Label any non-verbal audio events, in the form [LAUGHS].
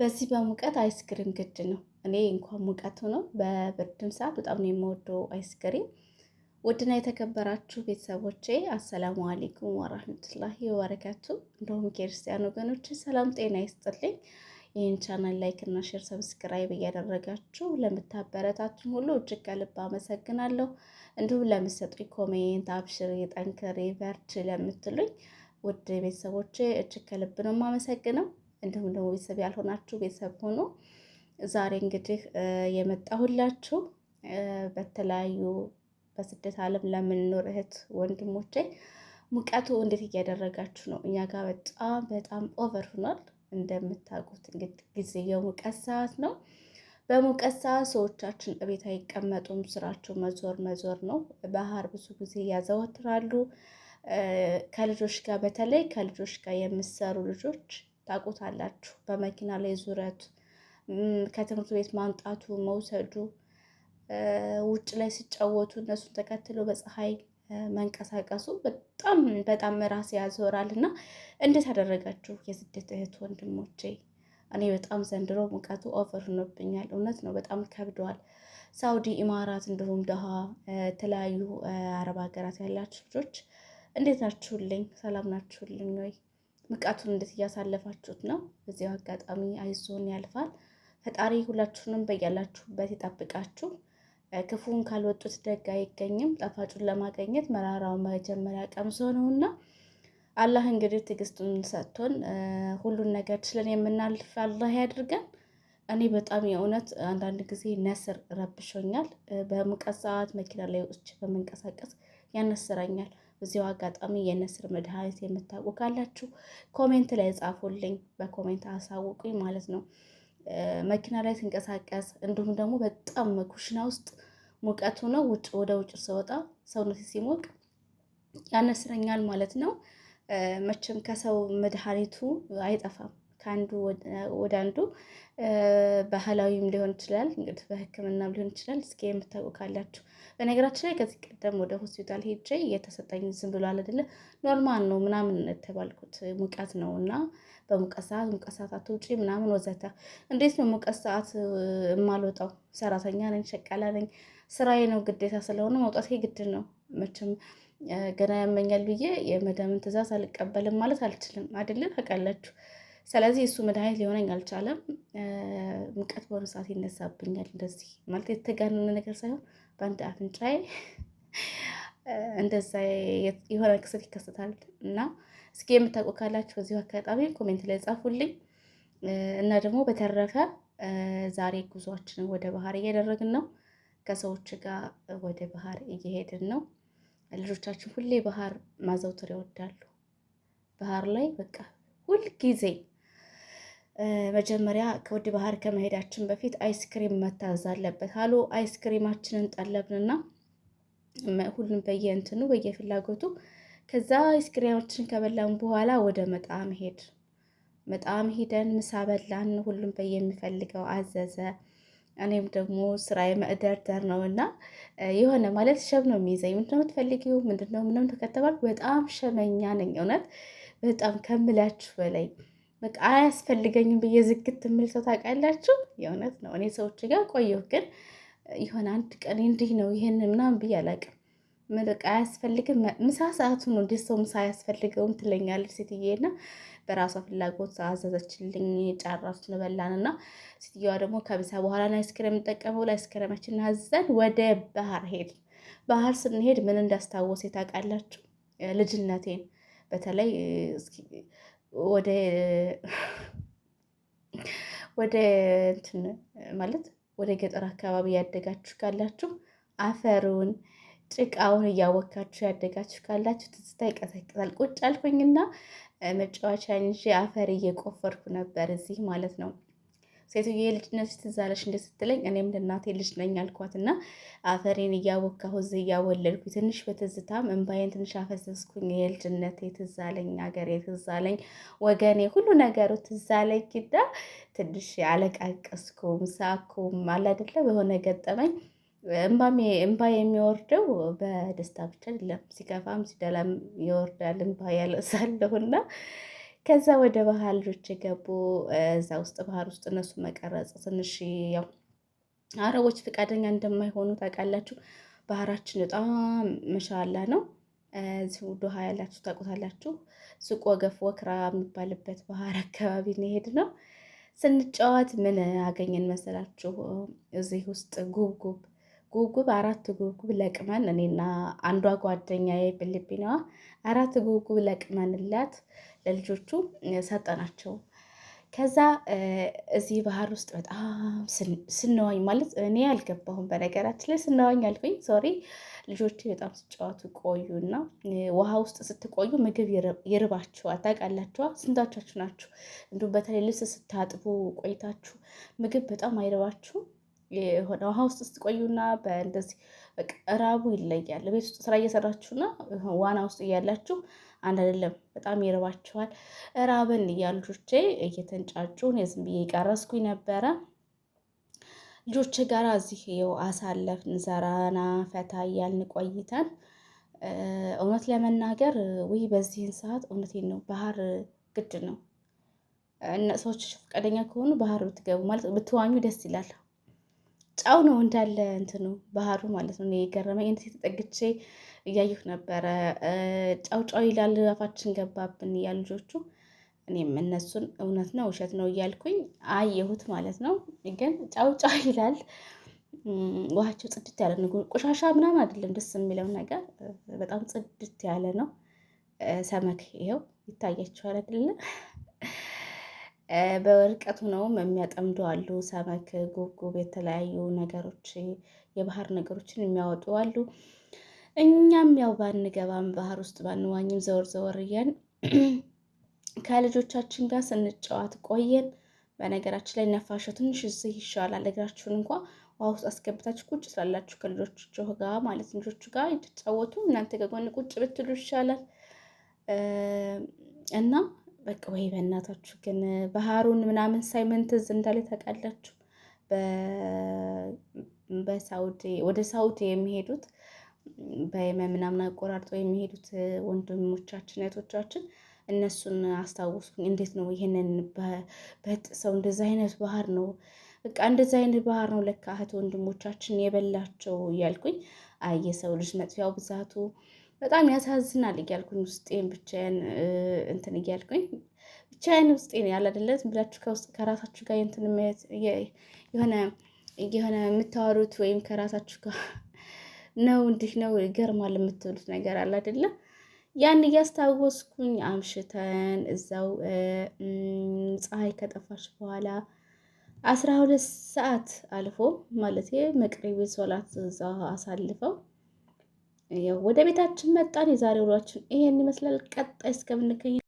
በዚህ በሙቀት አይስክሪም ግድ ነው። እኔ እንኳን ሙቀት ሆኖ በብርድም ሰዓት በጣም ነው የምወደው አይስክሪም። ውድና የተከበራችሁ ቤተሰቦቼ አሰላሙ አሌይኩም ወራህመቱላሂ ወበረካቱ። እንደሁም ክርስቲያን ወገኖች ሰላም ጤና ይስጥልኝ። ይህን ቻናል ላይክ እና ሼር ሰብስክራይብ እያደረጋችሁ ለምታበረታችን ሁሉ እጅግ ከልብ አመሰግናለሁ። እንዲሁም ለምሰጡኝ ኮሜንት አብሽር ጠንክሪ፣ በርቺ ለምትሉኝ ውድ ቤተሰቦቼ እጅግ ከልብ ነው የማመሰግነው። እንዲሁም ደግሞ ቤተሰብ ያልሆናችሁ ቤተሰብ ሆኖ ዛሬ እንግዲህ የመጣሁላችሁ በተለያዩ በስደት ዓለም ለምንኖር እህት ወንድሞቼ ሙቀቱ እንዴት እያደረጋችሁ ነው? እኛ ጋር በጣም በጣም ኦቨር ሆኗል። እንደምታውቁት እንግዲህ ጊዜ የሙቀት ሰዓት ነው። በሙቀት ሰዓት ሰዎቻችን እቤት አይቀመጡም። ስራቸው መዞር መዞር ነው። ባህር ብዙ ጊዜ ያዘወትራሉ። ከልጆች ጋር በተለይ ከልጆች ጋር የምሰሩ ልጆች ታውቁታላችሁ። በመኪና ላይ ዙረቱ፣ ከትምህርት ቤት ማምጣቱ፣ መውሰዱ፣ ውጭ ላይ ሲጫወቱ እነሱን ተከትሎ በፀሐይ መንቀሳቀሱ በጣም በጣም ራስ ያዞራል እና እንዴት አደረጋችሁ የስደት እህት ወንድሞቼ? እኔ በጣም ዘንድሮ ሙቀቱ ኦቨር ሆኖብኛል። እውነት ነው፣ በጣም ከብደዋል። ሳውዲ፣ ኢማራት እንዲሁም ደሃ የተለያዩ አረብ ሀገራት ያላችሁ ልጆች እንዴት ናችሁልኝ? ሰላም ናችሁልኝ ወይ? ብቃቱን እንዴት እያሳለፋችሁት ነው? በዚያው አጋጣሚ አይዞን ያልፋል። ፈጣሪ ሁላችሁንም በያላችሁበት ይጠብቃችሁ። ክፉን ካልወጡት ደግ አይገኝም። ጣፋጩን ለማገኘት መራራው መጀመሪያ ቀምሶ ነውና አላህ እንግዲህ ትዕግስቱን ሰጥቶን ሁሉን ነገር ችለን የምናልፍ አላህ ያድርገን። እኔ በጣም የእውነት አንዳንድ ጊዜ ነስር ረብሾኛል። በሙቀት ሰዓት መኪና ላይ ውስጥ በመንቀሳቀስ ያነስረኛል። በዚሁ አጋጣሚ የነስር መድኃኒት የምታውቁ ካላችሁ ኮሜንት ላይ ጻፉልኝ፣ በኮሜንት አሳውቁኝ ማለት ነው። መኪና ላይ ስንቀሳቀስ እንዲሁም ደግሞ በጣም ኩሽና ውስጥ ሙቀቱ ነው ውጭ ወደ ውጭ ስወጣ ሰውነት ሲሞቅ ያነስረኛል ማለት ነው። መቼም ከሰው መድኃኒቱ አይጠፋም። ከአንዱ ወደ አንዱ ባህላዊም ሊሆን ይችላል፣ እንግዲህ በሕክምናም ሊሆን ይችላል። እስኪ የምታውቁ ካላችሁ በነገራችን ላይ ከዚህ ቀደም ወደ ሆስፒታል ሄጄ እየተሰጠኝ ዝም ብሎ አይደለ ኖርማል ነው ምናምን የተባልኩት ሙቀት ነው እና በሙቀት ሰዓት ሙቀት ሰዓት አትውጪ ምናምን ወዘተ። እንዴት ነው ሙቀት ሰዓት የማልወጣው? ሰራተኛ ነኝ፣ ሸቃላ ነኝ። ስራዬ ነው ግዴታ ስለሆነ መውጣቴ ግድ ነው። መቼም ገና ያመኛል ብዬ የመዳምን ትእዛዝ አልቀበልም ማለት አልችልም። አይደለም ታውቃላችሁ ስለዚህ እሱ መድኃኒት ሊሆነኝ አልቻለም። ሙቀት በሆነ ሰዓት ይነሳብኛል። እንደዚህ ማለት የተጋነነ ነገር ሳይሆን በአንድ አፍንጫዬ እንደዛ የሆነ ክስል ይከሰታል እና እስኪ የምታውቁ ካላችሁ በዚሁ አጋጣሚ ኮሜንት ላይ ጻፉልኝ እና ደግሞ በተረፈ ዛሬ ጉዟችንን ወደ ባህር እያደረግን ነው። ከሰዎች ጋር ወደ ባህር እየሄድን ነው። ልጆቻችን ሁሌ ባህር ማዘውተር ይወዳሉ። ባህር ላይ በቃ ሁልጊዜ መጀመሪያ ከውድ ባህር ከመሄዳችን በፊት አይስክሪም መታዘዝ አለበት አሉ። አይስክሪማችንን ጠለብንና ሁሉም በየእንትኑ በየፍላጎቱ ከዛ አይስክሪማችን ከበላን በኋላ ወደ መጣም ሄድ መጣም ሂደን ምሳ በላን። ሁሉም በየሚፈልገው አዘዘ። እኔም ደግሞ ስራ መእደርደር ነው እና የሆነ ማለት ሸብ ነው የሚይዘኝ። ምንድነው የምትፈልጊው? ምንድነው ምንም ተከተባል። በጣም ሸመኛ ነኝ እውነት በጣም ከምላችሁ በላይ በቃ አያስፈልገኝም ብዬ ዝግት የምል ሰው ታውቃላችሁ። የእውነት ነው። እኔ ሰዎች ጋር ቆየሁ፣ ግን የሆነ አንድ ቀን እንዲህ ነው ይህን ምናምን ብዬ አላውቅም። በቃ አያስፈልግም፣ ምሳ ሰዓቱ ነው እንዴት ሰው ምሳ አያስፈልገውም ትለኛለች ሴትዬና በራሷ ፍላጎት አዘዘችልኝ። ጫራሱ ንበላን እና ሴትዮዋ ደግሞ ከምሳ በኋላ ነው አይስክሬም የምጠቀመው። አይስክሬማችን አዘዘን ወደ ባህር ሄድ። ባህር ስንሄድ ምን እንዳስታወሰ ታውቃላችሁ? ልጅነቴን በተለይ ወደ ወደ እንትን ማለት ወደ ገጠር አካባቢ ያደጋችሁ ካላችሁ አፈሩን ጭቃውን እያወካችሁ ያደጋችሁ ካላችሁ ትዝታ ይቀሰቅሳል። ቁጭ አልኩኝና መጫወቻ እንጂ አፈር እየቆፈርኩ ነበር እዚህ ማለት ነው። ሴትዮ የልጅነት ትዛለሽ እንደ ስትለኝ እኔም ለእናቴ ልጅ ነኝ አልኳት እና አፈሬን እያቦካሁ እዚህ እያወለድኩ ትንሽ በትዝታም እንባዬን ትንሽ አፈሰስኩኝ። የልጅነት ትዝ አለኝ፣ ሀገሬ ወገኔ ሁሉ ነገሩ ትዛለኝ። አለኝ። ኪዳ ትንሽ አለቃቀስኩም፣ ሳኩም አላደለ በሆነ ገጠመኝ እንባ የሚወርደው በደስታ ብቻ አይደለም፣ ሲከፋም ሲደላም ይወርዳል እንባ ያለሳለሁና ከዛ ወደ ባህር ልጆች የገቡ እዛ ውስጥ ባህር ውስጥ እነሱ መቀረጽ ትንሽ ያው አረቦች ፈቃደኛ እንደማይሆኑ ታውቃላችሁ። ባህራችን በጣም መሻላ ነው። እዚሁ ዶሃ ያላችሁ ታውቁታላችሁ። ሱቅ ወገፍ ወክራ የሚባልበት ባህር አካባቢ እንሄድ ነው ስንጫወት ምን አገኘን መሰላችሁ? እዚህ ውስጥ ጉብጉብ ጉጉብ አራት ጉጉብ ለቅመን እኔና አንዷ ጓደኛዬ ፊሊፒናዋ አራት ጉጉብ ለቅመንላት ለልጆቹ ሰጠናቸው። ከዛ እዚህ ባህር ውስጥ በጣም ስናዋኝ ማለት እኔ አልገባሁም፣ በነገራችን ላይ ስናዋኝ አልኩኝ፣ ሶሪ። ልጆች በጣም ስጫወቱ እና ውሃ ውስጥ ስትቆዩ ምግብ ይርባችኋል። ታውቃላችኋ? ስንታቻችሁ ናችሁ እንዲሁም በተለይ ልብስ ስታጥቡ ቆይታችሁ ምግብ በጣም አይርባችሁ የሆነ ውሃ ውስጥ ስትቆዩና በእንደዚህ ራቡ ይለያል። ቤት ውስጥ ስራ እየሰራችሁና ዋና ውስጥ እያላችሁ አንድ አይደለም። በጣም ይርባችኋል። ራብን እያሉ ልጆቼ እየተንጫጩ ዝም ብዬ ቀረስኩኝ ነበረ። ልጆች ጋር እዚህ የው አሳለፍን ዘራና ፈታ እያልን ቆይተን እውነት ለመናገር ውይ በዚህን ሰዓት እውነቴን ነው ባህር ግድ ነው። ሰዎች ፈቃደኛ ከሆኑ ባህር ብትገቡ ማለት ብትዋኙ ደስ ይላል። ጫው ነው እንዳለ እንትኑ ባህሩ ማለት ነው። የገረመኝ እንዴት ተጠግቼ እያየሁ ነበረ። ጫው ጫው ይላል አፋችን ገባብን እያሉ ልጆቹ። እኔም እነሱን እውነት ነው ውሸት ነው እያልኩኝ አየሁት ማለት ነው። ግን ጫው ጫው ይላል። ውሃቸው ጽድት ያለ ነው፣ ቆሻሻ ምናምን አይደለም። ደስ የሚለው ነገር በጣም ጽድት ያለ ነው። ሰመክ ይኸው ይታያችኋል አይደለ? በርቀት ነው የሚያጠምዱ አሉ። ሰመክ፣ ጉብጉብ የተለያዩ ነገሮች የባህር ነገሮችን የሚያወጡ አሉ። እኛም ያው ባንገባም ባህር ውስጥ ባንዋኝም ዘወር ዘወር እያን [CLEARS THROAT] ከልጆቻችን ጋር ስንጫወት ቆየን። በነገራችን ላይ ነፋሻው ትንሽ እዚህ ይሻላል። እግራችሁን እንኳ ውሃ ውስጥ አስገብታችሁ ቁጭ ስላላችሁ ከልጆቹ ጋር ማለት ልጆቹ ጋር እንድትጫወቱ እናንተ ከጎን ቁጭ ብትሉ ይሻላል እና በቃ ወይ በእናታችሁ ግን ባህሩን ምናምን ሳይ ምን ትዝ እንዳለ ታውቃላችሁ? በሳውዲ ወደ ሳውዲ የሚሄዱት በየመን ምናምን አቆራርጠው የሚሄዱት ወንድሞቻችን እህቶቻችን እነሱን አስታወስኩኝ። እንዴት ነው ይሄንን በጥሰው እንደዚ አይነት ባህር ነው በቃ እንደዚ አይነት ባህር ነው ለካ እህት ወንድሞቻችን የበላቸው እያልኩኝ አየ ሰው ልጅ መጥፊያው ብዛቱ በጣም ያሳዝናል እያልኩኝ ውስጤን ብቻዬን እንትን እያልኩኝ ብቻዬን ውስጤን ያለ ያላደለት ብላችሁ ከውስጥ ከራሳችሁ ጋር እንትን የሆነ የሆነ የምታወሩት ወይም ከራሳችሁ ጋር [LAUGHS] ነው እንዲህ ነው ይገርማል የምትብሉት ነገር አለ አይደለ? ያን እያስታወስኩኝ አምሽተን እዛው ፀሐይ ከጠፋች በኋላ አስራ ሁለት ሰዓት አልፎ ማለት መቅሪቤ ሶላት እዛ አሳልፈው ወደ ቤታችን መጣን። የዛሬ ውሏችን ይሄን ይመስላል። ቀጣይ እስከምንገኝ